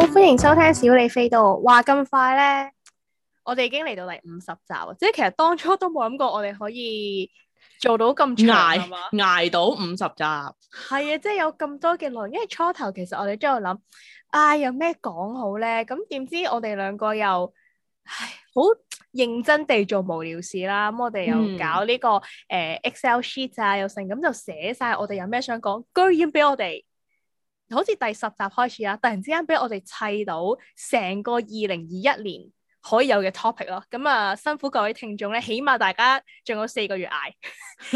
好，歡迎收聽小李飛刀。話，咁快咧，我哋已經嚟到第五十集啊！即係其實當初都冇諗過我哋可以做到咁長，捱據吧到五十集。係啊，即係有咁多嘅內容。因為初頭其實我哋都有諗，啊有咩講好咧？咁點知我哋兩個又唉好認真地做無聊事啦。咁我哋又搞呢、這個、嗯、誒 Excel sheet 啊，又成咁就寫晒我哋有咩想講，居然俾我哋。好似第十集開始啦，突然之間俾我哋砌到成個二零二一年可以有嘅 topic 咯，咁、嗯、啊辛苦各位聽眾咧，起碼大家仲有四個月捱。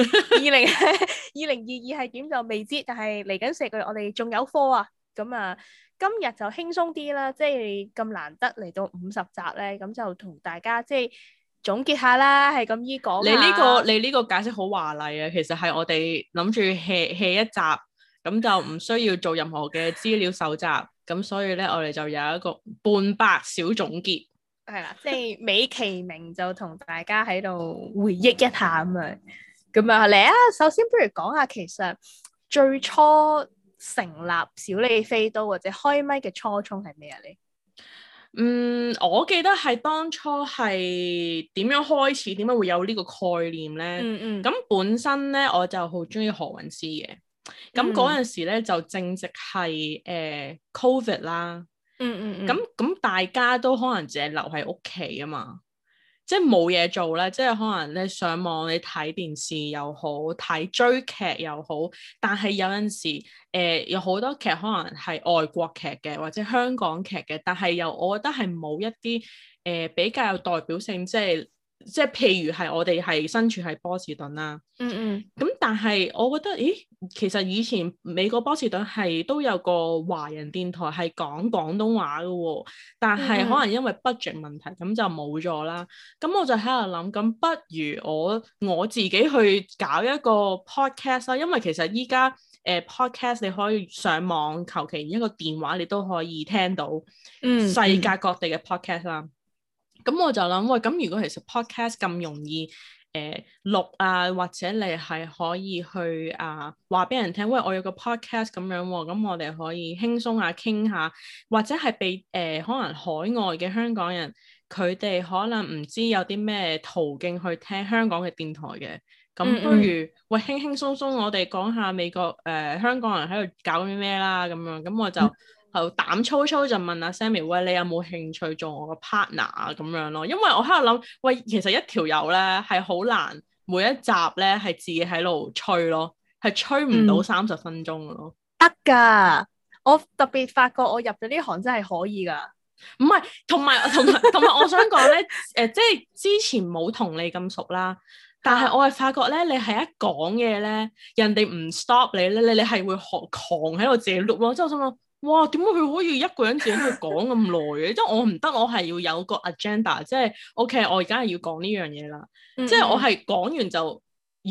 二零二零二二係點就未知，但係嚟緊四個月我哋仲有科啊！咁、嗯、啊，今日就輕鬆啲啦，即係咁難得嚟到五十集咧，咁就同大家即係總結下啦，係咁依講。你呢個你呢個解釋好華麗啊！其實係我哋諗住 hea 一集。咁就唔需要做任何嘅資料搜集，咁所以咧，我哋就有一個半百小總結，係啦，即係美其名就同大家喺度回憶一下咁樣，咁啊嚟啊，首先不如講下其實最初成立小李飛刀或者開麥嘅初衷係咩啊？你嗯，我記得係當初係點樣開始，點解會有呢個概念咧？嗯嗯，咁本身咧，我就好中意何韻詩嘅。咁嗰陣時咧，就正值係誒 covid 啦，嗯嗯嗯，咁咁大家都可能淨係留喺屋企啊嘛，即係冇嘢做咧，即係可能你上網你睇電視又好，睇追劇又好，但係有陣時誒、呃、有好多劇可能係外國劇嘅或者香港劇嘅，但係又我覺得係冇一啲誒、呃、比較有代表性即係。即係譬如係我哋係身處喺波士頓啦，嗯嗯，咁但係我覺得，咦，其實以前美國波士頓係都有個華人電台係講廣東話嘅喎、哦，但係可能因為 budget 問題，咁、嗯嗯、就冇咗啦。咁我就喺度諗，咁不如我我自己去搞一個 podcast 啦，因為其實依家誒 podcast 你可以上網，求其一個電話你都可以聽到世界各地嘅 podcast 啦。嗯嗯嗯咁我就諗，喂，咁如果其實 podcast 咁容易誒、呃、錄啊，或者你係可以去啊，話俾人聽，喂，我有個 podcast 咁樣喎，咁、哦、我哋可以輕鬆下傾下，或者係俾誒、呃、可能海外嘅香港人佢哋可能唔知有啲咩途徑去聽香港嘅電台嘅，咁不如嗯嗯喂，輕輕鬆鬆我哋講下美國誒、呃、香港人喺度搞啲咩啦咁樣，咁我就。嗯好膽粗粗就問阿 Sammy 喂，你有冇興趣做我個 partner 啊咁樣咯？因為我喺度諗，喂，其實一條友咧係好難，每一集咧係自己喺度吹咯，係吹唔到三十分鐘㗎咯。得㗎、嗯，我特別發覺我入咗呢行真係可以㗎。唔係，同埋同同埋，我想講咧，誒、 呃，即係之前冇同你咁熟啦，但係是我係發覺咧，你係一講嘢咧，人哋唔 stop 你咧，你你係會狂狂喺度自己 loop 咯。即係我想講。哇，點解佢可以一個人自己去講咁耐嘅？即係我唔得，我係要有個 agenda，即係 OK，我而家係要講呢樣嘢啦。即係我係講完就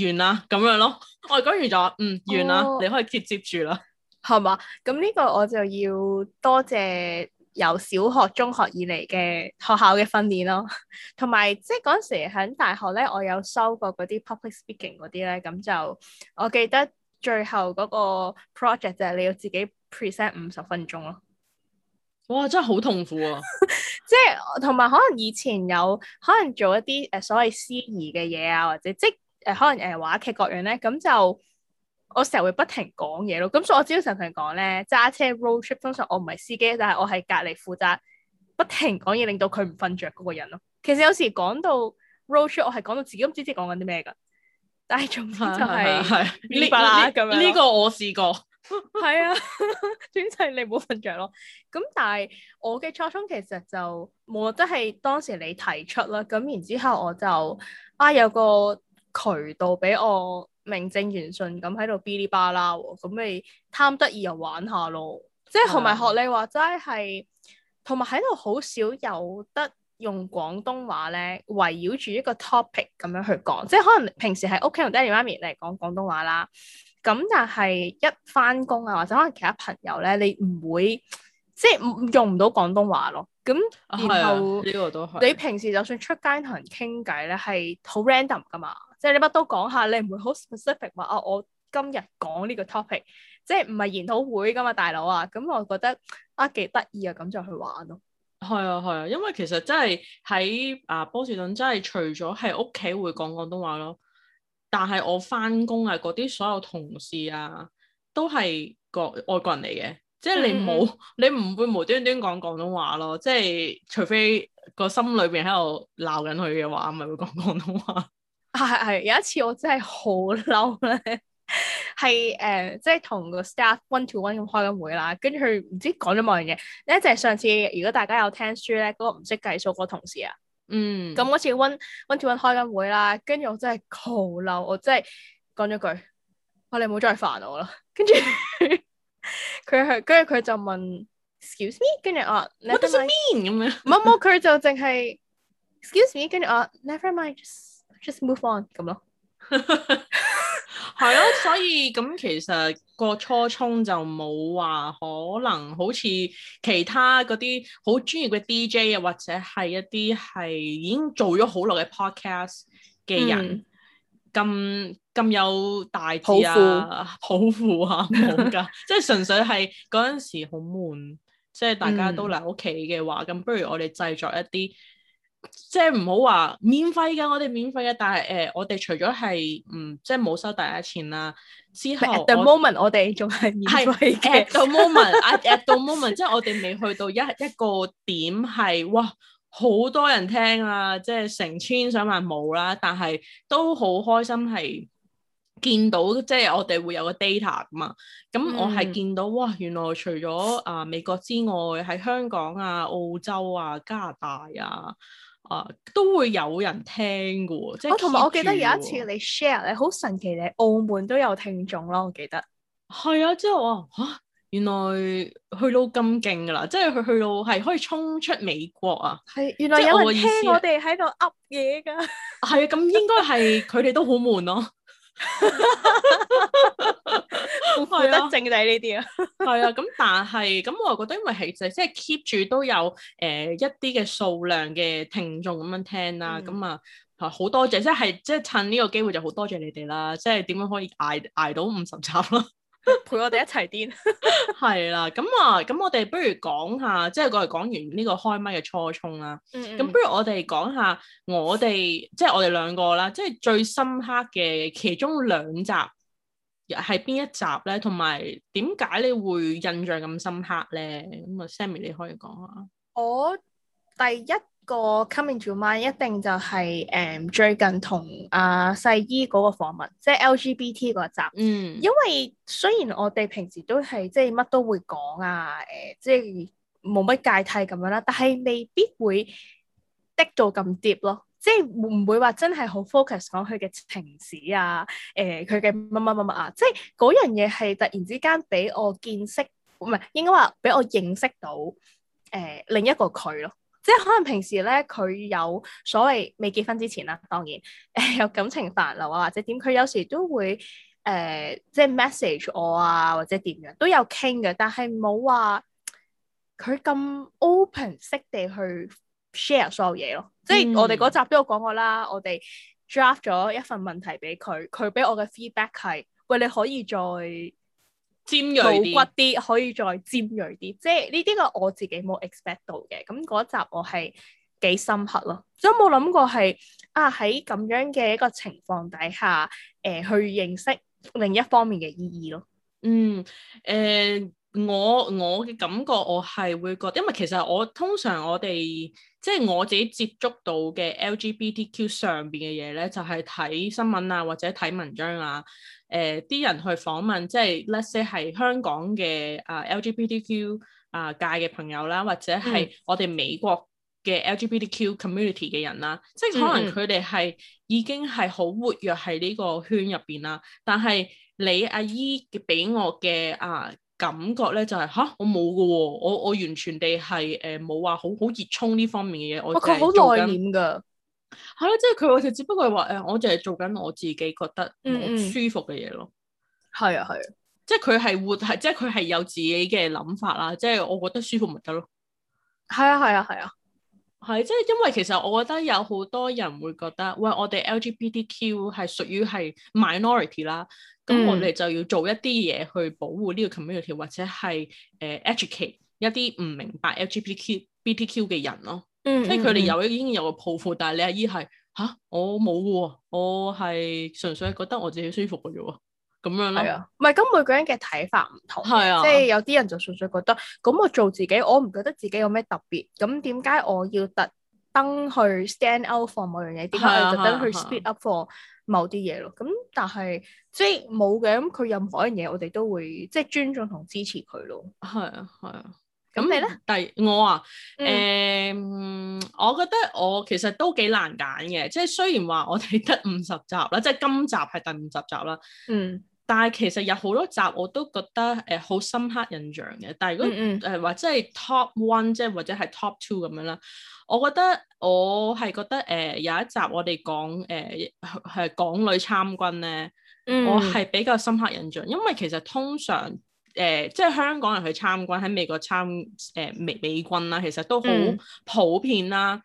完啦，咁樣咯。我講完就話嗯完啦，哦、你可以接接住啦，係嘛？咁呢個我就要多謝謝由小學、中學以嚟嘅學校嘅訓練咯，同埋即係嗰陣時喺大學咧，我有收過嗰啲 public speaking 嗰啲咧，咁就我記得。最後嗰個 project 就係你要自己 present 五十分鐘咯。哇！真係好痛苦啊！即係同埋可能以前有可能做一啲誒所謂司儀嘅嘢啊，或者即係、呃、可能誒、呃、話劇各樣咧，咁就我成日會不停講嘢咯。咁所以我只要成日同人講咧，揸車 road trip，通常我唔係司機，但係我係隔離負責不停講嘢，令到佢唔瞓着嗰個人咯。其實有時講到 road trip，我係講到自己都唔知自己講緊啲咩㗎。大眾啦，係係，呢個我試過，係 是啊， 轉掣你唔好瞓著咯。咁但係我嘅初衷其實就冇得係當時你提出啦，咁然之後我就啊有個渠道俾我名正言順咁喺度 B 哩吧啦喎，咁咪貪得意又玩下咯，即係同埋學你話齋係，同埋喺度好少有得。用廣東話咧，圍繞住一個 topic 咁樣去講，即係可能平時喺屋企同爹哋媽咪嚟講廣東話啦。咁但係一返工啊，或者可能其他朋友咧，你唔會即唔用唔到廣東話咯。咁然後呢、啊這個都係你平時就算出街同人傾偈咧，係好 random 噶嘛。即係你乜都講下，你唔會好 specific 話啊。我今日講呢個 topic，即係唔係研討會噶嘛，大佬啊。咁我覺得啊幾得意啊，咁就去玩咯。係啊，係啊，因為其實真係喺啊波士頓，真係除咗喺屋企會講廣東話咯，但係我翻工啊嗰啲所有同事啊，都係國外國人嚟嘅，即係你冇你唔會無端端講廣東話咯，即係除非個心裏邊喺度鬧緊佢嘅話，咪會講廣東話。係，係，有一次我真係好嬲咧。係誒、呃，即係同個 staff one to one 咁開緊會啦，跟住佢唔知講咗某樣嘢。呢就係上次，如果大家有聽書咧，嗰、嗰個唔識計數個同事啊，嗯，咁嗰、嗯、次 one one to one 開緊會啦，跟住我真係好嬲，我真係講咗句，我哋唔好再煩我啦。跟住佢佢跟住佢就問 excuse me，跟住我，what does it mean 咁樣？唔冇佢就淨係 excuse me，跟住我：「never mind，just just move on 咁咯。 係咯、 哦，所以咁其實個初衷就冇話可能，好似其他嗰啲好專業嘅 DJ 啊，或者係一啲係已經做咗好耐嘅 podcast 嘅人，咁咁、嗯、有大志啊，抱負富富啊冇㗎、啊， 即係純粹係嗰陣時好悶，即係、嗯、大家都嚟屋企嘅話，咁不如我哋製作一啲。即係唔好話免費嘅，我哋免費嘅，但係誒、呃，我哋除咗係嗯，即係冇收大家錢啦之後，at the moment 我哋仲係免費嘅。 at the moment at the moment 即係我哋未去到一一個點係哇，好多人聽啦、啊，即係成千上萬冇啦，但係都好開心係。見到即係我哋會有個 data 嘛，咁我係見到、嗯、哇，原來除咗啊、呃、美國之外，喺香港啊、澳洲啊、加拿大啊，啊、呃、都會有人聽嘅。即係同埋我記得有一次你 share，你好神奇，你澳門都有聽眾咯。我記得係啊，之後啊，嚇，原來去到咁勁噶啦，即係佢去到係可以衝出美國啊。係原來有人我聽我哋喺度噏嘢㗎。係 啊，咁應該係佢哋都好悶咯。好快 啊！正仔呢啲啊，係 啊，咁但係咁，我又覺得因為係、其實、即係 keep 住都有誒、呃、一啲嘅數量嘅聽眾咁樣聽啦，咁、嗯、啊好多謝，即係即係趁呢個機會就好多謝你哋啦，即係點樣可以捱捱到五十集咯。 陪我哋一齊癲， 係啦，咁啊，咁我哋不如講下，即係我哋講完呢個開咪嘅初衷啦。咁、嗯嗯、不如我哋講下我哋，即係我哋兩個啦，即係最深刻嘅其中兩集係邊一集咧？同埋點解你會印象咁深刻咧？咁啊，Sammy 你可以講下。我第一。個 coming to mind 一定就係、是、誒、嗯、最近同阿細姨嗰個訪問，即係 LGBT 嗰集。嗯，因為雖然我哋平時都係即係乜都會講啊，誒、呃，即係冇乜介蒂咁樣啦，但係未必會滴到咁 deep 咯。即係唔會話真係好 focus 講佢嘅情史啊，誒、呃，佢嘅乜乜乜乜啊。即係嗰樣嘢係突然之間俾我見識，唔係應該話俾我認識到誒、呃、另一個佢咯。即係可能平時咧，佢有所謂未結婚之前啦、啊，當然誒 有感情煩惱啊，或者點，佢有時都會誒、呃、即係 message 我啊，或者點樣都有傾嘅，但係冇話佢咁 open 式地去 share 所有嘢咯。嗯、即係我哋嗰集都有講過啦，我哋 draft 咗一份問題俾佢，佢俾我嘅 feedback 係，喂你可以再。尖銳啲，可以再尖銳啲，即係呢啲個我自己冇 expect 到嘅。咁嗰集我係幾深刻咯，即係冇諗過係啊喺咁樣嘅一個情況底下，誒、呃、去認識另一方面嘅意義咯。嗯，誒、呃。我我嘅感覺，我係會覺得，因為其實我通常我哋即係我自己接觸到嘅 LGBTQ 上邊嘅嘢咧，就係、是、睇新聞啊，或者睇文章啊。誒、呃，啲人去訪問，即係 let’s say 係香港嘅啊 LGBTQ 啊、呃、界嘅朋友啦，或者係我哋美國嘅 LGBTQ community 嘅人啦。嗯、即係可能佢哋係已經係好活躍喺呢個圈入邊啦。但係你阿姨俾我嘅啊～、呃感覺咧就係、是、吓，我冇嘅喎，我我完全地係誒冇話好好熱衷呢方面嘅嘢。哦、我佢好內斂噶，係咯，即係佢我就只不過係話誒，我就係做緊我自己覺得舒服嘅嘢咯。係、嗯嗯、啊，係啊，啊即係佢係活係，即係佢係有自己嘅諗法啦。即係我覺得舒服咪得咯。係啊，係啊，係啊，係即係因為其實我覺得有好多人會覺得，喂，我哋 LGBTQ 係屬於係 minority 啦。咁、嗯、我哋就要做一啲嘢去保護呢個 community 或者係誒、uh, educate 一啲唔明白 LGBTQ、BTQ 嘅人咯，即係佢哋有已經有個抱負，嗯、但係你阿姨係吓，我冇嘅喎，我係純粹覺得我自己舒服嘅啫喎，咁樣咯。係啊，唔係咁每個人嘅睇法唔同，啊、即係有啲人就純粹覺得咁我做自己，我唔覺得自己有咩特別，咁點解我要特登去 stand out for 某樣嘢？點解要特登去 speed up for？某啲嘢咯，咁但係即係冇嘅，咁佢任何樣嘢我哋都會即係尊重同支持佢咯。係啊，係啊，咁你咧？第我啊，誒、嗯欸，我覺得我其實都幾難揀嘅，即係雖然話我哋得五十集啦，即係今集係第五十集啦。嗯。但係其實有好多集我都覺得誒好、呃、深刻印象嘅。但係如果誒或者係 top one 即係或者係 top two 咁樣啦，我覺得我係覺得誒、呃、有一集我哋講誒係、呃、港女參軍咧，嗯、我係比較深刻印象，因為其實通常誒即係香港人去參軍喺美國參誒美、呃、美軍啦，其實都好普遍啦。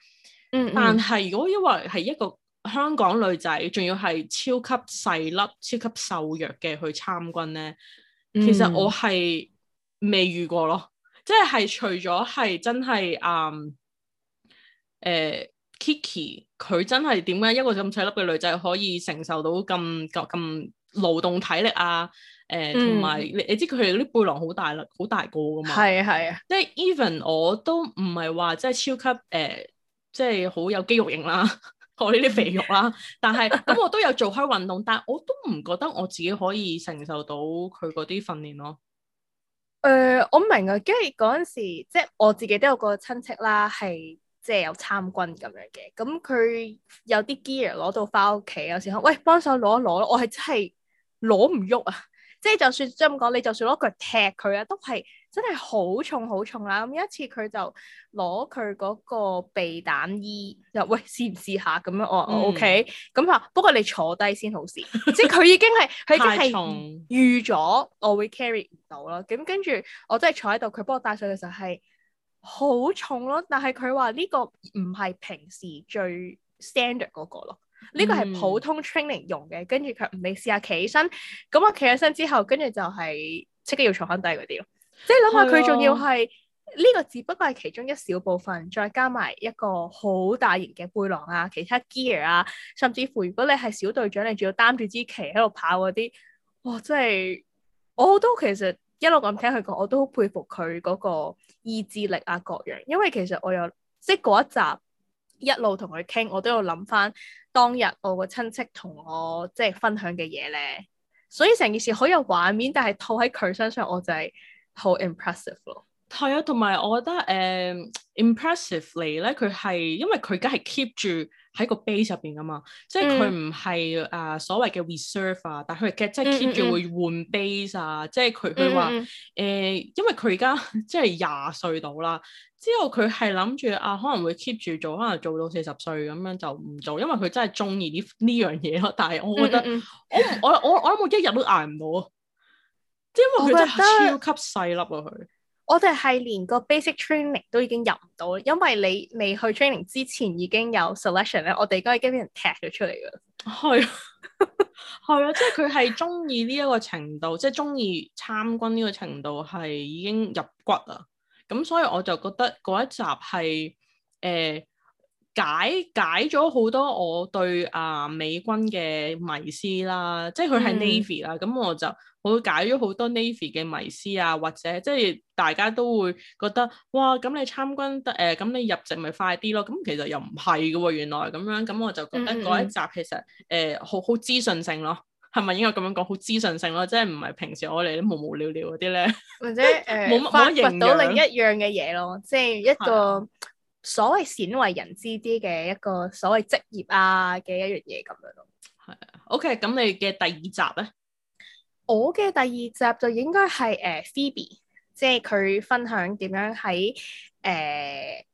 嗯，嗯，但係如果因為係一個香港女仔仲要係超級細粒、超級瘦弱嘅去參軍咧，其實我係未遇過咯。即係係除咗係真係嗯，誒 Kiki 佢真係點解一個咁細粒嘅女仔可以承受到咁咁咁勞動體力啊？誒同埋你你知佢哋啲背囊好大粒，好大個噶嘛？係啊係啊，即係 Even 我都唔係話即係超級誒，即係好有肌肉型啦。我呢啲肥肉啦，啊， 但係咁我都有做開運動， 但係我都唔覺得我自己可以承受到佢嗰啲訓練咯。誒、呃，我唔明啊，跟住嗰陣時即係我自己都有個親戚啦，係即係有參軍咁樣嘅，咁佢有啲 gear 攞到翻屋企，有時候喂幫手攞一攞咯，我係真係攞唔喐啊，即係就算即咁講，你就算攞腳踢佢啊，都係。真係好重，很重、啊，好重啦！咁有一次佢就攞佢嗰個避彈衣入喂，試唔試下咁樣？我話 O K 咁啊。不過你坐低先好試， 即係佢已經係佢已經係預咗我會 carry 唔到咯。咁跟住我真係坐喺度，佢幫我戴上嘅時候係好重咯。但係佢話呢個唔係平時最 standard 嗰個咯，呢、嗯、個係普通 training 用嘅。跟住佢唔你試下企起身咁，我企起身之後，跟住就係即刻要坐翻低嗰啲咯。即係諗下佢仲要係呢的個，只不過係其中一小部分，再加埋一個好大型嘅背囊啊，其他 gear 啊，甚至乎如果你係小隊長，你仲要擔住支旗喺度跑嗰啲，哇！真係，我都其實一路咁聽佢講，我都好佩服佢嗰個意志力啊各樣。因為其實我有即係嗰一集一路同佢傾，我都有諗翻當日我個親戚同我即係分享嘅嘢咧，所以成件事好有畫面，但係套喺佢身上，我就係、是。好 impressive 咯，係啊，同埋我覺得誒 impressively 咧，佢係因為佢而家係 keep 住喺個 base 入邊㗎嘛，即係佢唔係啊所謂嘅 reserve 啊，但係佢係即係 keep 住會換 base 啊，即係佢佢話誒，因為佢而家即係廿歲到啦，之後佢係諗住啊可能會 keep 住做，可能做到四十歲咁樣就唔做，因為佢真係中意呢呢樣嘢咯。但係我覺得我我我我諗我一日都捱唔到啊！因為佢真係超級細粒啊！佢我哋係連個 basic training 都已經入唔到，因為你未去 training 之前已經有 selection 咧，我哋而家已經俾人踢咗出嚟噶啦。係啊，係啊， 即係佢係中意呢一個程度，即係中意參軍呢個程度係已經入骨啊！咁所以我就覺得嗰一集係誒。解解咗好多我對啊美軍嘅迷思啦，即係佢係 Navy 啦、嗯，咁我就我解咗好多 Navy 嘅迷思啊，或者即係大家都會覺得哇，咁你參軍得誒，咁、呃、你入籍咪快啲咯？咁其實又唔係㗎喎，原來咁樣咁，我就覺得嗰一集其實誒好好資訊性咯，係咪應該咁樣講好資訊性咯？即係唔係平時我哋都無無聊聊嗰啲咧，或者冇乜、呃、 沒發掘到另一樣嘅嘢咯，即係一個。 所謂鮮為人知啲嘅一個所謂職業啊嘅一樣嘢咁樣咯。係啊，OK，咁你嘅第二集咧？我嘅第二集就應該係誒、呃、Phoebe，即係佢分享點樣喺誒、呃、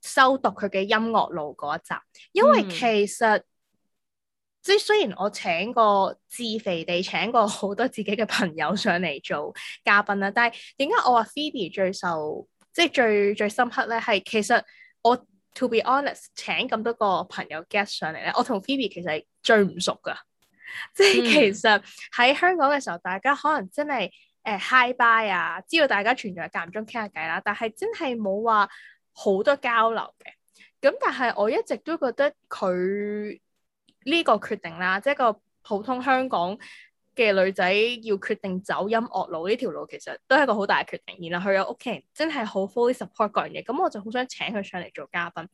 修讀佢嘅音樂路嗰一集。因為其實即、嗯、雖然我請過自肥地請過好多自己嘅朋友上嚟做嘉賓啦，但係點解我話 Phoebe 最受？即係最最深刻咧，係其實我 to be honest 請咁多個朋友 guest 上嚟咧，我同 Phoebe 其實最唔熟噶。即係其實喺、嗯、香港嘅時候，大家可能真係誒、呃、hi bye 啊，知道大家存在，間中傾下偈啦，但係真係冇話好多交流嘅。咁但係我一直都覺得佢呢個決定啦，即係個普通香港嘅女仔要決定走音樂路呢條路，其實都係一個好大嘅決定。然後佢有屋企人真係好 fully support 嗰樣嘢，咁我就好想請佢上嚟做嘉賓。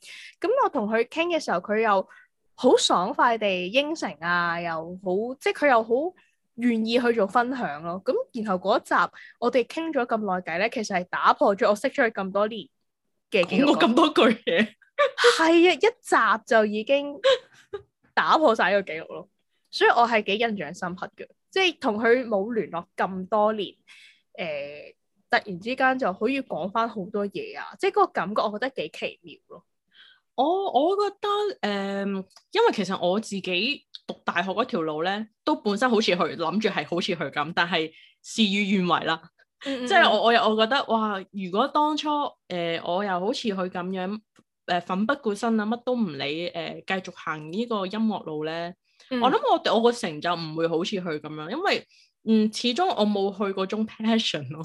咁我同佢傾嘅時候，佢又好爽快地應承啊，又好，即係佢又好願意去做分享咯。咁然後嗰一集我哋傾咗咁耐偈咧，其實係打破咗我識咗佢咁多年嘅記錄。咁多句嘢，係啊，一集就已經打破晒呢個記錄咯，所以我係幾印象深刻嘅。即係同佢冇聯絡咁多年，誒、呃，突然之間就可以講翻好多嘢啊！即係嗰個感覺，我覺我，我覺得幾奇妙咯。我我覺得誒，因為其實我自己讀大學嗰條路咧，都本身好似佢諗住係好似佢咁，但係事與願違啦。嗯、即係我我又我覺得哇！如果當初誒、呃、我又好似佢咁樣誒、呃、奮不顧身啊，乜都唔理誒，繼續行呢個音樂路咧～我諗我哋我個成就唔會好似佢咁樣，因為嗯始終我冇去嗰種 passion 咯。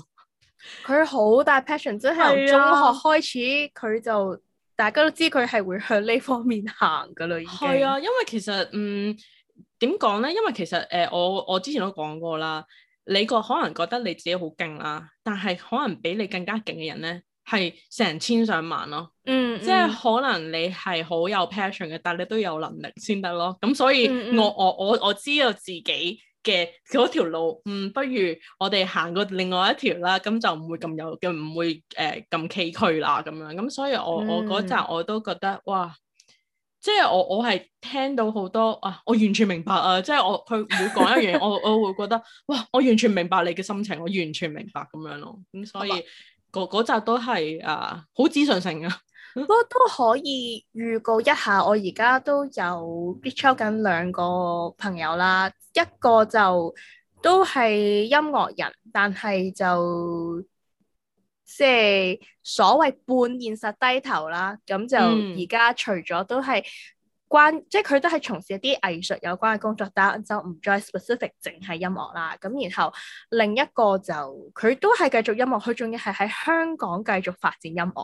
佢好大 passion，即係由中學開始佢是、啊、就大家都知佢係會向呢方面行噶啦，已經係啊，因為其實嗯點講咧？因為其實誒、呃、我我之前都講過啦，你個可能覺得你自己好勁啦，但係可能比你更加勁嘅人咧。係成千上萬咯，嗯，即係可能你係好有 passion 嘅，但係你都有能力先得咯。咁所以我、嗯我，我我我我知道自己嘅嗰條路，嗯，不如我哋行過另外一條啦。咁就唔會咁有，唔、嗯、會誒咁、呃、崎嶇啦。咁樣咁，所以我我嗰集我都覺得，哇！嗯、即係我我係聽到好多啊，我完全明白啊！即係我佢要講一樣， 我我會覺得，哇！我完全明白你嘅心情，我完全明白咁樣咯。咁所以。 嗰集都係啊，好資訊性啊，不 過都可以預告一下，我而家都有 bitch off 緊兩個朋友啦，一個就都係音樂人，但係就即係所謂半現實低頭啦，咁就而家除咗都係、嗯。關即係佢都係從事一啲藝術有關嘅工作，但就唔再 specific，淨係音樂啦。咁然後另一個就佢都係繼續音樂，佢仲要係喺香港繼續發展音樂。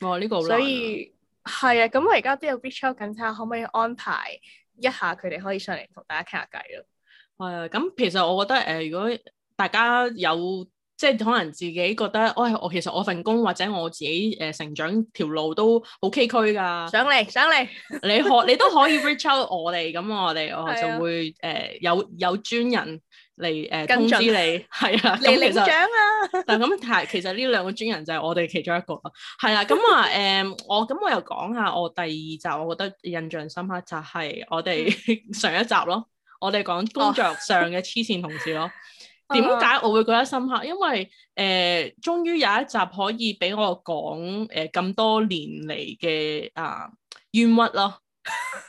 哦，呢、這個、啊、所以係啊！咁我而家都有 reach out，緊睇下可唔可以安排一下佢哋可以上嚟同大家傾下偈咯。係啊，咁其實我覺得誒、呃，如果大家有。即係可能自己覺得，哎，我其實我份工或者我自己誒、呃、成長條路都好崎嶇噶。上嚟，上 嚟，你可你都可以 reach out 我哋，咁 我哋我就會誒、呃、有有專人嚟誒、呃、準通知你，係啊你領獎啊！嗱咁係，其實呢兩個專人就係我哋其中一個咯。係啦、啊，咁啊誒我咁我又講下我第二集，我覺得印象深刻就係我哋上一集咯，我哋講工作上嘅黐線同事咯。哦 點解我會覺得深刻？因為誒、呃，終於有一集可以俾我講誒咁多年嚟嘅啊冤屈咯，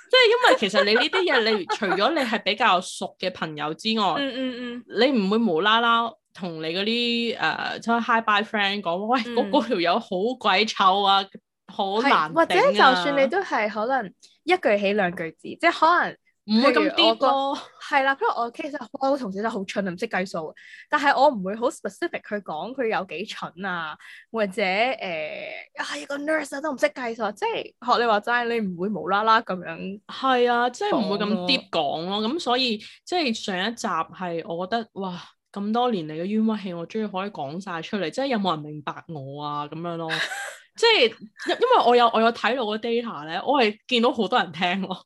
即 係因為其實你呢啲嘢， 你除咗你係比較熟嘅朋友之外，嗯嗯嗯，嗯嗯你唔會無啦啦同你嗰啲誒即係 hi bye friend 講，喂，嗰條友好鬼醜啊，好難頂啊，或者就算你都係可能一句起兩句止，即係可能。唔會咁啲咯，係啦、 啊，不過我其實好多同事都好蠢，唔識計數，但係我唔會好 specific 去講佢有幾蠢啊，或者誒、呃，啊，一個 nurse 都唔識計數，即係學你話齋，你唔會無啦啦咁樣。係啊，即係唔的會咁啲講咯，咁所以即係上一集係我覺得哇，咁多年嚟嘅冤屈氣，我終於可以講晒出嚟，即係有冇人明白我啊咁樣咯， 即係因因為我有我有睇到個 data 咧，我係見到好多人聽咯。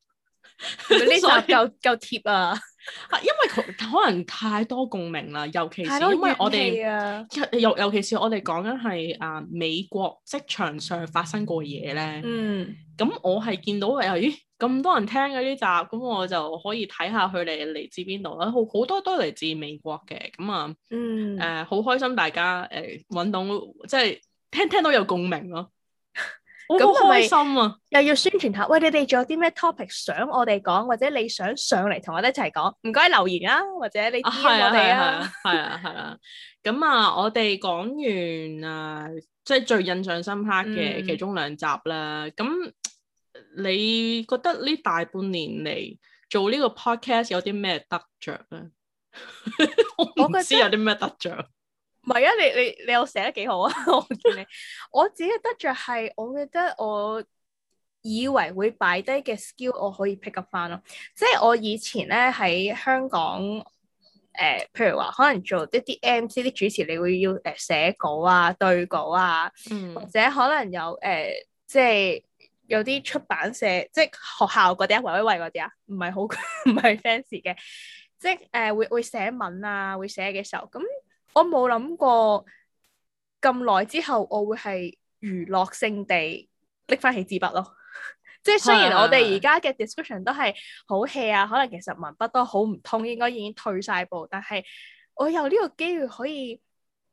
呢集夠夠貼啊！因為可能太多共鳴啦，尤其是因為我哋尤、啊、尤其是我哋講緊係啊美國職場上發生過嘢咧。嗯，咁我係見到咦咁多人聽嘅呢集，咁我就可以睇下佢哋嚟自邊度啦。好好多都嚟自美國嘅，咁啊，誒好、嗯呃、開心大家誒搵、呃、到即係聽聽到有共鳴咯。咁開心啊！係咪又要宣傳下。嗯、喂，你哋仲有啲咩 topic 想我哋講，或者你想上嚟同我哋一齊講？唔該留言啦、啊，或者你知我哋啊係啊係啊係啊咁啊，我哋講完啊，即係最印象深刻嘅其中兩集啦。咁、嗯、你覺得呢大半年嚟做個呢個 podcast 有啲咩得着咧？我唔知有啲咩得着。唔係啊！你你你，你我寫得幾好啊！ 我唔知。你， 我自己得着，係，我覺得我以為會擺低嘅 skill，我可以 pick up 翻咯。即係我以前咧喺香港，誒、呃，譬如話可能做一啲 MC 啲主持，你會要誒寫稿啊、對稿啊，嗯、或者可能有誒、呃，即係有啲出版社，即係學校嗰啲啊，圍圍嗰啲啊，唔係好唔係 fancy 嘅，即係誒、呃、會會寫文啊，會寫嘅時候咁。我冇諗過咁耐之後我會係娛樂性地拎翻起紙筆咯， 即係雖然我哋而家嘅 description 都係好 hea 啊，可能其實文筆都好唔通，應該已經退晒步，但係我有呢個機會可以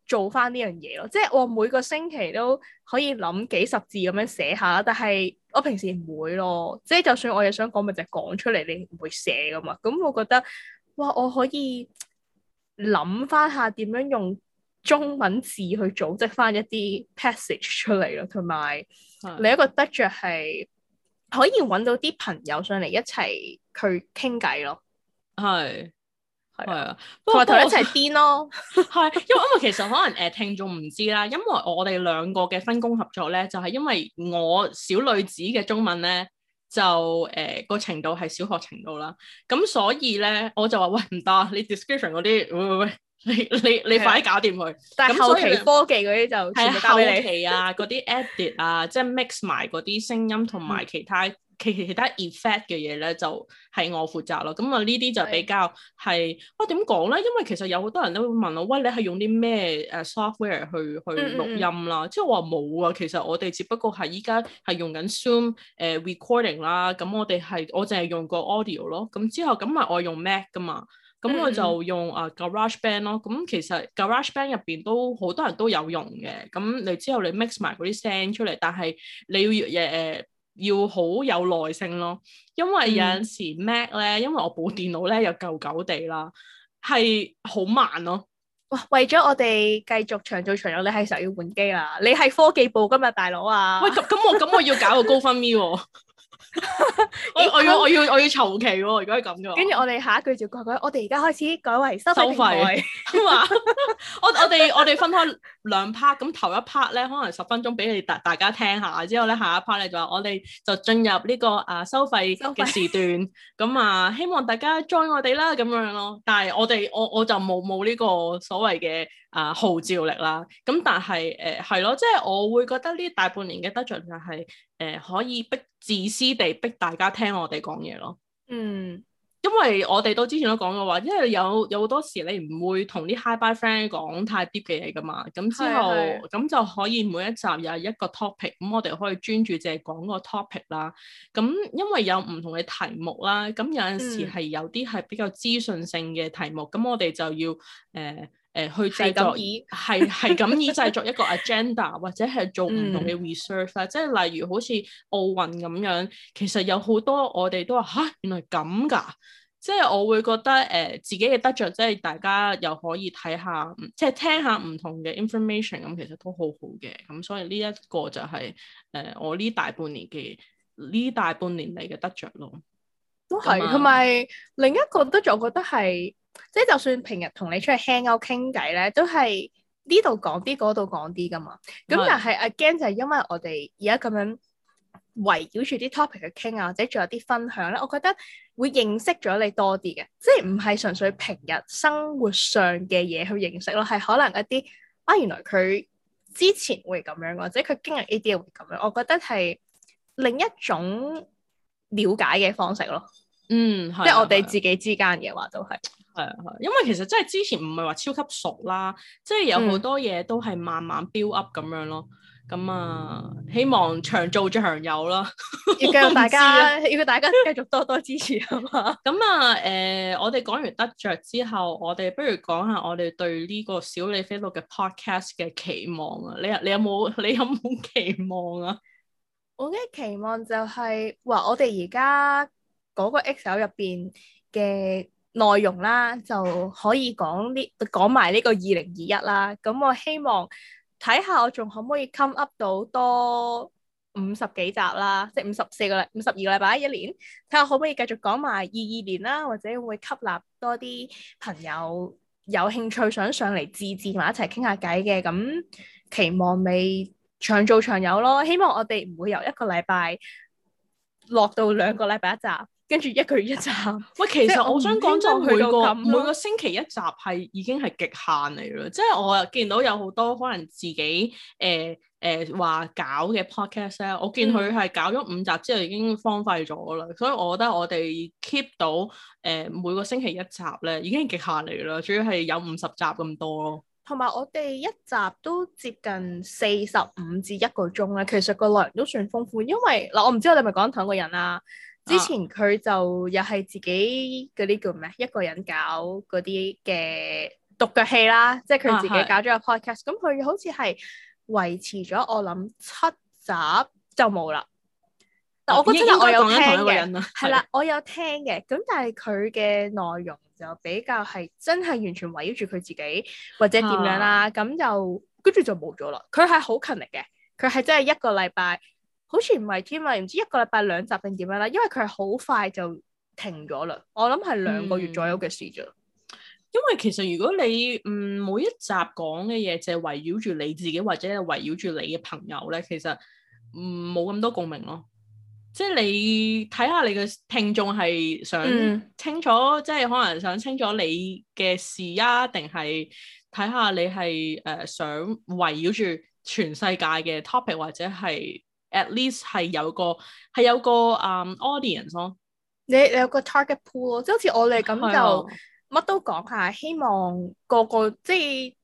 做翻呢樣嘢咯，即係我每個星期都可以諗幾十字咁樣寫下，但係我平時唔會咯，即係就算我有想講咪就係講出嚟，你唔會寫噶嘛，咁我覺得哇，我可以。諗翻下點樣用中文字去組織翻一啲 passage 出嚟咯，同埋你一個得着係可以搵到啲朋友上嚟一齊去傾偈咯。係係啊，不過同一齊癲咯。係，因為因為其實可能誒聽眾唔知啦， 因為我哋兩個嘅分工合作咧，就係、是、因為我小女子嘅中文咧。就誒、呃嗰個程度係小學程度啦，咁所以咧我就話喂，唔得，你 description 嗰啲，喂，喂，唔，你喂你的你快啲搞掂佢。但係後期所以科技嗰啲就全部交畀你睇啊，嗰啲 edit 啊， 即係 mix 埋嗰啲聲音同埋其他。其其他 effect 嘅嘢咧，就係、是、我負責咯。咁是啊，呢啲就比較係，哇點講咧？因為其實有好多人都會問我，喂，你係用啲咩誒 software 去去錄音啦？即係我話冇啊。其實我哋只不過係依家係用緊 Zoom 誒、呃、recording 啦。咁我哋係我淨係用個 audio 咯。咁之後咁咪我用 Mac 噶嘛。咁、嗯嗯、我就用啊、呃、GarageBand 咯。咁其實 GarageBand 入邊都好多人都有用嘅。咁你之後你 mix 埋嗰啲聲出嚟，但係你要誒。呃呃要好有耐性咯，因為有陣時 Mac 咧，嗯、因為我部電腦咧又舊舊地啦，係好慢咯。哇，為咗我哋繼續長做長有，你係時候要換機啦。你係科技部今日大佬啊？喂，咁咁我咁我要搞個高分 me、啊。 我要我要我要我要籌期喎！如果係咁嘅話，跟住我哋下一句就改改，我哋而家開始改為收費，咁話，我我哋我哋分開兩 part，咁頭一 part 咧可能十分鐘俾你大大家聽下，之後咧下一 part 咧就話我哋就進入呢個啊收費嘅時段，咁啊希望大家 join 我哋啦，咁樣咯。但係我哋我我就冇冇呢個所謂嘅。啊，號召力啦，咁、嗯、但係，誒、呃，係咯，即、就、係、是、我會覺得呢大半年嘅得著就係、是，誒、呃，可以逼自私地逼大家聽我哋講嘢咯。嗯，因為我哋都之前都講過話，因為有有好多時你唔會同啲 high five friend 講太 deep 嘅嘢噶嘛，咁之後咁就可以每一集又係一個 topic，咁我哋可以專注淨係講個 topic 啦。咁因為有唔同嘅題目啦，咁有陣時係有啲係比較資訊性嘅題目，咁、嗯、我哋就要，誒、呃。誒、呃、去製作，係係咁以製作一個 agenda， 或者係做唔同嘅 research 啦、嗯。即係例如好似奧運咁樣，其實有好多我哋都話嚇、啊，原來咁㗎。即係我會覺得誒、呃、自己嘅得着，即係大家又可以睇下，即係聽下唔同嘅 information，咁其實都好好嘅。咁所以呢一個就係、是、誒、呃、我呢大半年嘅呢大半年嚟嘅得着咯。都係，同埋另一個都仲，我覺得係，即係就算平日同你出去 hang out 傾偈咧，都係呢度講啲，嗰度講啲噶嘛。咁的但係 again 就係因為我哋而家咁樣圍繞住啲 topic 去傾啊，或者仲有啲分享咧，我覺得會認識咗你多啲嘅，即係唔係純粹平日生活上嘅嘢去認識咯，係可能一啲啊原來佢之前會咁樣，或者佢經歷呢啲嘢會咁樣，我覺得係另一種。了解嘅方式咯，嗯，啊、即係我哋自己之間嘅話都係，係啊，係、啊，因為其實真係之前唔係話超級熟啦，嗯、即係有好多嘢都係慢慢 build up 咁樣咯，咁啊，嗯、希望長做長有啦， 要繼續大家， 要大家繼續多多支持啊嘛，咁 啊，誒、呃，我哋講完「得着」之後，我哋不如講下我哋對呢個小李飛六嘅 podcast 嘅期望啊，你有你，你有冇你有冇期望啊？我嘅期望就係、是、話，我哋而家嗰個 Excel 入邊嘅內容啦，就可以講啲講埋呢個二零二一啦。咁、嗯、我希望睇下我仲可唔可以 come up 到多五十幾集啦，即係五十四個禮，五十二個禮拜一年，睇下可唔可以繼續講埋二二年啦，或者會吸納多啲朋友有興趣想上嚟自自同埋一齊傾下偈嘅，咁期望未？長做長有咯，希望我哋唔會由一個禮拜落到兩個禮拜一集，跟住一個月一集。喂，其實我想講，就係每個每個星期一集係已經係極限嚟咯。即係我見到有好多可能自己誒誒話搞嘅 podcast 咧，我見佢係搞咗五集之後已經荒廢咗啦。嗯、所以我覺得我哋 keep 到誒、呃、每個星期一集咧，已經係極限嚟咯。主要係有五十集咁多咯。同埋我哋一集都接近四十五至一個鐘咧，其實個內容都算豐富，因為嗱我唔知我哋係咪講同一個人啊？啊之前佢就又係自己嗰啲叫咩？一個人搞嗰啲嘅獨腳戲啦，啊、即係佢自己搞咗個 podcast，咁佢、啊、好似係維持咗我諗七集就冇啦。啊、但我覺得我有聽嘅，係啦，我有聽嘅，咁但係佢嘅內容，就比較係真係完全圍繞住佢自己或者點樣啦、啊，咁、啊、就跟住就冇咗啦。佢係好勤力嘅，佢係真係一個禮拜，好似唔係添啊，唔知一個禮拜兩集定點樣啦、啊。因為佢係好快就停咗啦，我諗係兩個月左右嘅事啫、嗯。因為其實如果你嗯每一集講嘅嘢就係圍繞住你自己或者係圍繞住你嘅朋友咧，其實嗯冇咁多共鳴咯。即係你睇下你嘅聽眾係想清楚，嗯、即係可能想清楚你嘅事啊，定係睇下你係誒想圍繞住全世界嘅 topic，或者係 at least 係有個係有個誒、um, audience 咯、啊。你你有個 target pool 咯、哦，即係好似我哋咁就乜都講下， 希望個個即係。就是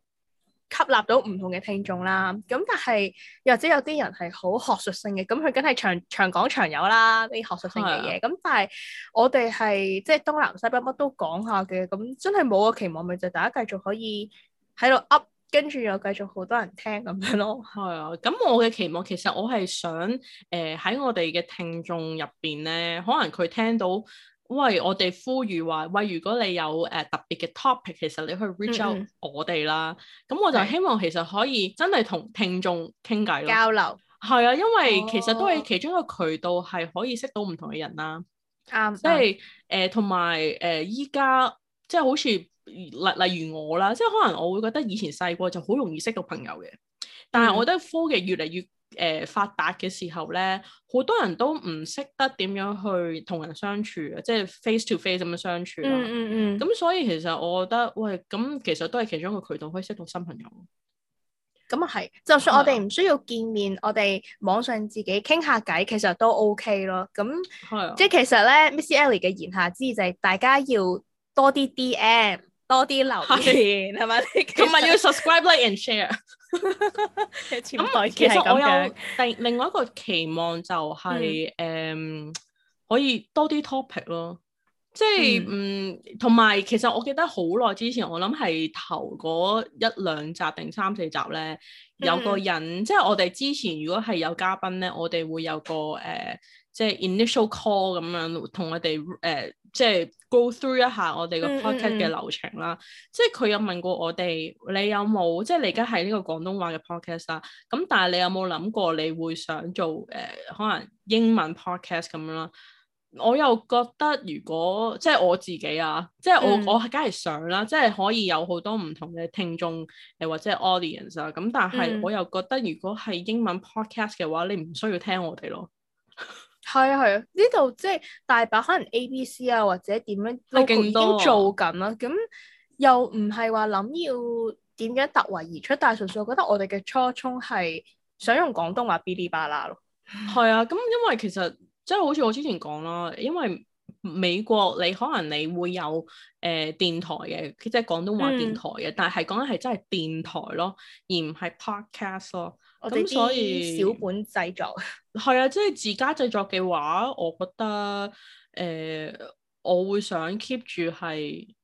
吸納到唔同嘅聽眾啦，咁但係又或者有啲人係好學術性嘅，咁佢梗係長長講長有啦，啲學術性嘅嘢。咁係但係我哋係即係東南西北乜都講下嘅，咁真係冇個期望咪就大家繼續可以喺度噏，跟住又繼續好多人聽咁樣咯。係啊，咁我嘅期望其實我係想誒喺、呃、我哋嘅聽眾入邊咧，可能佢聽到。因為我哋呼籲話喂，如果你有誒、呃、特別嘅 topic，其實你去 reach out 嗯嗯我哋啦。咁我就是希望其實可以真係同聽眾傾偈交流，係啊，因為其實都係其中一個渠道係可以識到唔同嘅人啦。啱、哦，即係誒同埋誒依家即係好似例例如我啦，即、就、係、是、可能我會覺得以前細個就好容易識到朋友嘅，但係我覺得科技越嚟越、嗯誒、呃、發達嘅時候咧，好多人都唔識得點樣去同人相處，即係 face to face 咁樣相處。嗯嗯嗯。咁所以其實我覺得，喂，咁其實都係其中一個渠道可以識到新朋友。咁啊係，就算我哋唔需要見面，哎呀，我哋網上自己傾下偈，其實都 OK 咯。咁係，嗯嗯嗯，即係其實咧 Yeah，Miss Ellie 嘅言下之意就係大家要多啲 DM。多啲留言，係嘛是？同埋要 subscribe like and share。咁、 嗯、其實我有第另外一個期望就係、是、誒、嗯嗯、可以多啲 topic 咯，即係嗯同埋、嗯、其實我記得好耐之前，我諗係頭嗰一兩集定三四集咧，嗯、有個人、嗯、即係我哋之前如果係有嘉賓咧，我哋會有個誒。呃即係 initial call 咁樣，同我哋誒，即係 go through 一下我哋個 podcast 嘅、嗯嗯、流程啦。即係佢有問過我哋，你有冇即係你而家係呢個廣東話嘅 podcast 啦？咁、嗯嗯、但係你有冇諗過你會想做誒、呃，可能英文 podcast 咁樣啦？我又覺得如果即係我自己啊，即係我、嗯、我梗係想啦，即係可以有好多唔同嘅聽眾誒或者 audience 啊。咁但係我又覺得如果係英文 podcast 嘅話，嗯、你唔需要聽我哋咯。 係啊係啊，呢度即係大把可能 A、啊、B、C 啊或者點樣都的 Log o 已經做緊啦，咁多又唔係話諗要點樣突圍而出，但係純粹我覺得我哋嘅初衷係想用廣東話嗶哩吧啦咯。係啊， 咁因為其實即係、就是、好似我之前講啦，因為美國你可能你會有誒、呃、電台嘅，即係廣東話電台嘅，嗯、但係講緊係真係電台咯，而唔係 podcast 咯。咁所以小本製作係啊，即係自家製作嘅話，我覺得誒我會想 keep 住係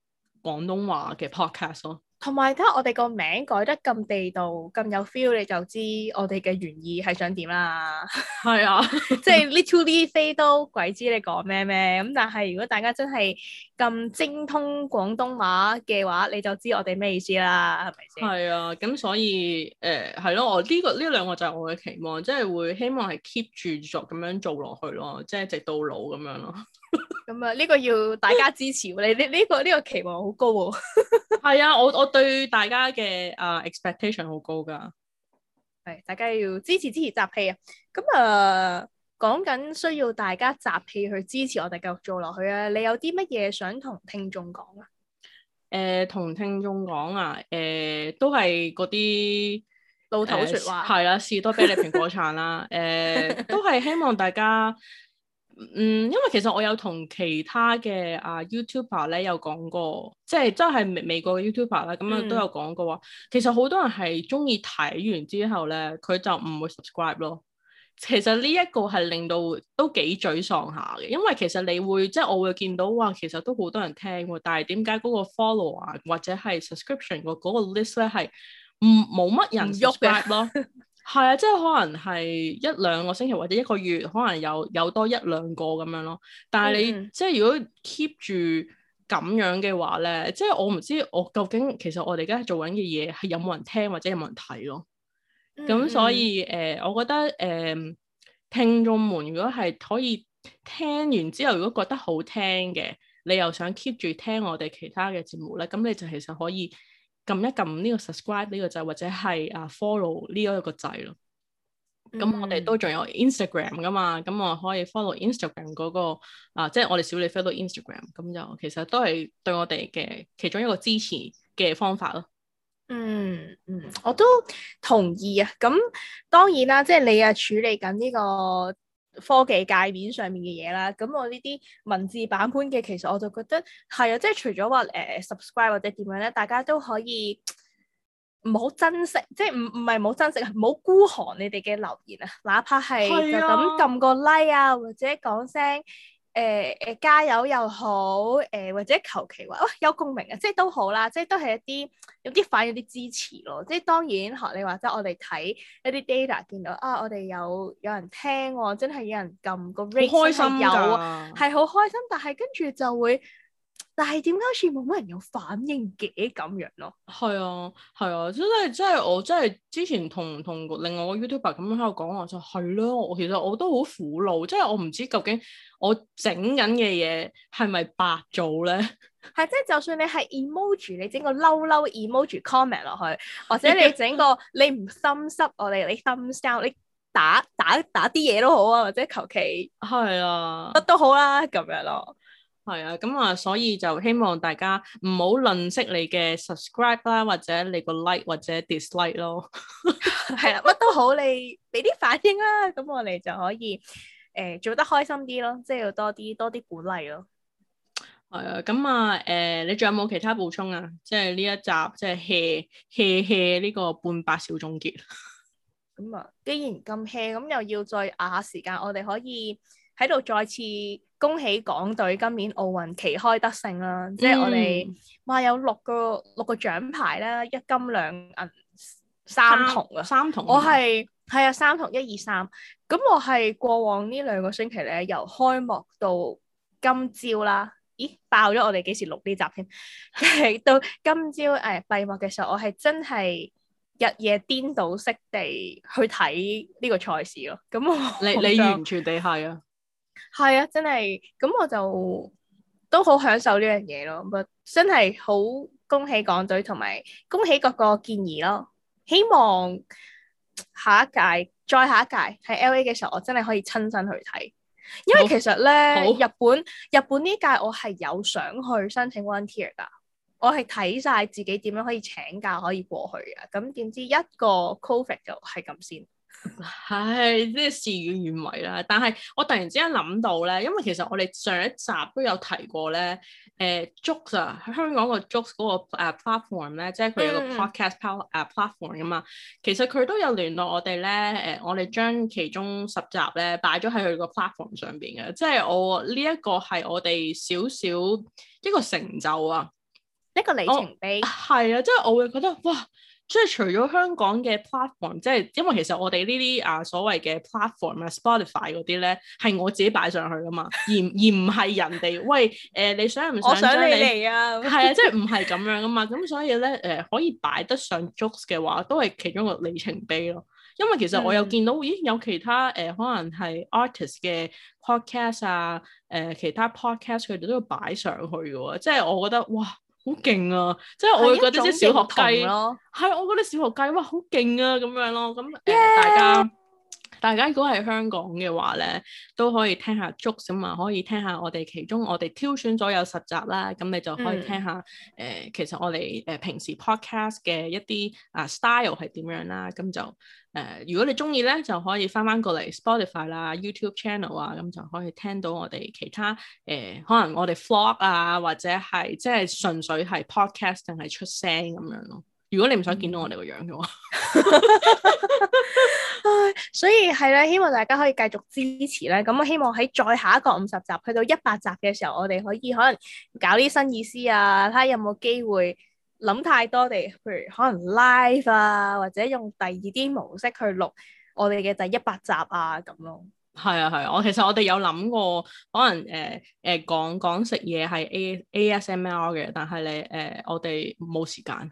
廣東話嘅 podcast 咯。同埋睇下我哋個名改得咁地道、咁有 feel，你就知我哋嘅原意係想點啦。係啊，即係 little l i 都鬼知你講咩咩咁。但係如果大家真係咁精通廣東話嘅話，你就知我哋咩意思啦，係咪先？係啊，咁所以誒係咯，我呢、呢個呢、呢個呢個、兩個就係我嘅期望，即、就、係、是、會希望係 keep 住續咁樣做落去咯，即、就、係、是、直到老咁樣咯。 咁 啊，呢、這個要大家支持 你，你、這、呢個呢、這個期望好高喎、啊。係 啊，我我對大家嘅啊、uh, expectation 好高㗎。係，大家要支持支持集氣啊！咁啊，講緊需要大家集氣去支持我哋繼續做落去啊！你有啲乜嘢想同聽眾講啊？誒、呃，同聽眾講啊，誒、呃，都係嗰啲老土說話，係啦、呃啊，士多啤梨蘋產、啊、蘋果橙啦，誒，都係希望大家。嗯，因為其實我有同其他嘅啊 YouTuber 咧有講過，即係真係美美國嘅 YouTuber 啦，咁樣都有講過。嗯、其實好多人係中意睇完之後咧，佢就唔會 subscribe 咯。其實呢一個係令到都幾沮喪下嘅，因為其實你會即係我會見到話，其實都好多人聽，但係點解嗰個 follower 或者係 subscription 個嗰個 list 咧係唔冇乜人喐 u 咯？ 係啊，即係可能係一兩個星期或者一個月，可能有有多一兩個咁樣咯。但係你、嗯、即係如果 keep 住咁樣嘅話咧，即係我唔知我究竟其實我哋而家做緊嘅嘢係有冇人聽或者有冇人睇咯。咁、嗯、所以誒、嗯呃，我覺得誒、呃、聽眾們如果係可以聽完之後，如果覺得好聽嘅，你又想 keep 住聽我哋其他嘅節目咧，咁你就其實可以，撳一撳呢個 subscribe 呢個掣，或者係啊 follow 呢一個掣咯。咁我哋都仲有 Instagram 噶嘛，咁我可以 follow Instagram 嗰個啊，即係我哋小李 follow Instagram，咁就其實都係對我哋嘅其中一個支持嘅方法咯。嗯嗯，我都同意啊。咁當然啦，即係你啊處理緊呢個。科技界面上面嘅嘢啦，咁我呢啲文字版本嘅，其實我就覺得係啊，即係除咗話誒 subscribe 或者點樣咧，大家都可以唔好珍惜，即係唔唔係唔好珍惜啊，唔好孤寒你哋嘅留言啊，哪怕係就咁撳個 like 啊，啊或者講聲。誒誒、呃、加油又好，誒、呃、或者求其話，哇、哦、有共鳴啊，即係都好啦，即係都係一啲有啲反有啲支持咯。即係當然學你話齋，我哋睇一啲 data，見到啊，我哋有有人聽喎、哦，真係有人撳個 rate，開心有係好開心，但係跟住就會。但係點解好似冇乜人有反應嘅咁樣咯？係啊，係啊，真係即係我真係之前同同另外個 YouTuber 咁喺度講話就係咯，我其實我都好苦惱，即係我唔知究竟我整緊嘅嘢係咪白做咧？係即係就算你係 emoji，你整個嬲嬲 emoji comment 落去，或者你整個你唔 thumbs up 我哋， 你 thumbs down，你打打打啲嘢都好啊，或者求其係啊，乜都好啦咁樣咯。係啊，咁啊，所以就希望大家唔好吝嗇你嘅 subscribe 啦，或者你個 like 或者 dislike 咯，係 啊，乜都好，你俾啲反應啦，咁我哋就可以誒、呃、做得開心啲咯，即係要多啲多啲鼓勵咯。係啊，咁啊誒、呃，你仲有冇其他補充啊？即係呢一集即係 hea hea hea 呢個半百小總結。咁 啊，既然咁 hea，咁又要再壓下下時間，我哋可以。喺度再次恭喜港隊今年奧運旗開得勝啦、啊！即係我哋、嗯、哇有六個六個獎牌啦、啊，一金兩銀三銅啊，啊，啊！三銅，我係係啊，三銅，一二三。咁我係過往呢兩個星期咧，由開幕到今朝啦，咦爆咗我哋幾時錄呢集添？係 到今朝誒閉幕嘅時候，我係真係日夜顛倒式地去睇呢個賽事咯。咁我你你完全地係啊！係啊，真係，咁我就都好享受呢樣嘢咯咁啊，真係好恭喜港隊同埋恭喜各個健兒咯希望下一屆再下一屆喺 LA 嘅時候，我真係可以親身去睇，因為其實咧日本日本呢屆我係有想去申請 volunteer 噶，我係睇晒自己點樣可以請假可以過去啊。咁點知一個 COVID 就係咁先。係，即係、哎、事與願違啦。但係我突然之間諗到咧，因為其實我哋上一集都有提過咧，誒、呃、Jokes 啊，香港、嗰個 Jokes 個誒 platform 咧，即係佢有個 podcast、嗯、platform 噶嘛。其實佢都有聯絡我哋咧，誒、呃，我哋將其中十集咧擺咗喺佢個 platform 上邊嘅，即係我呢一、呢個係我哋少少一個成就啊，一個里程碑。係啊，即、就、係、是、我會覺得哇！即係除咗香港嘅 platform，即係因為其實我哋呢啲啊所謂嘅 platform 啊 Spotify 嗰啲咧，係我自己擺上去噶嘛，而而唔係人哋 喂誒、呃、你想唔想？我想你嚟啊！係啊的， 即係唔係咁樣噶嘛？咁所以咧誒、呃，可以擺得上 Jokes 嘅話，都係其中一個里程碑咯。因為其實我有見到、嗯、咦經有其他誒、呃、可能係 artist 嘅 podcast 啊誒、呃、其他 podcast 佢哋都要擺上去嘅喎，即係我覺得哇～好勁啊！即係我會覺得啲小學雞，係啊，我覺得小學雞哇好勁啊咁樣咯，咁誒 Yeah!、呃、大家。大家如果喺香港嘅話咧，都可以聽下足，咁啊可以聽下我哋其中我哋挑選咗有實習啦，咁你就可以聽下誒、嗯呃，其實我哋誒平時 Podcast 嘅一啲啊 style 係點樣啦，咁就誒、呃，如果你中意咧，就可以返返過嚟 Spotify 啦、YouTube channel 啊，咁就可以聽到我哋其他誒、呃，可能我哋 vlog 啊，或者係即係純粹係 Podcast 定係出聲咁樣咯。如果你唔想見到我哋個樣嘅話，唉，所以係啦，希望大家可以繼續支持啦。咁我希望喺再下一個五十集，去到一百集嘅時候，我哋可以可能搞啲新意思啊，睇下有冇機會諗太多地，譬如可能 live 啊，或者用第二啲模式去錄我哋嘅第一百集啊咁咯。係啊係啊，我其實我哋有諗過，可能誒誒講講食嘢係 A S M R 嘅，但係你誒我哋冇時間，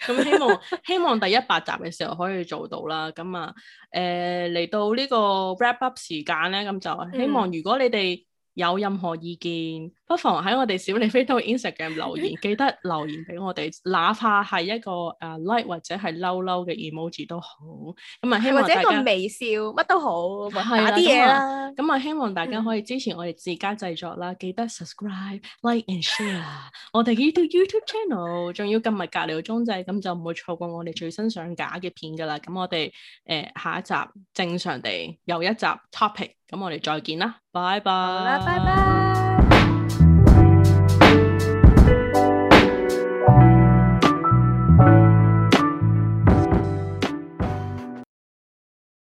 咁 希望 希望第一百集嘅時候可以做到啦。咁啊誒嚟、呃、到呢個 wrap up 時間咧，咁就希望如果你哋有任何意見，嗯不妨喺我哋小莉飛都 Instagram 留言，記得留言俾我哋， 哪怕係一個誒 like 或者係嬲嬲嘅 emoji 都好。咁啊，希望或者一個微笑乜都好，打啲嘢啦。咁啊，嗯、希望大家可以支持我哋自家製作啦，記得 subscribe、 like and share 我哋 YouTube channel。仲要今日隔離個鐘仔，咁就唔會錯過我哋最新上架嘅片噶啦。咁我哋誒、呃、下一集正常地又一集 topic，咁我哋再見啦，拜拜，拜拜。Bye bye。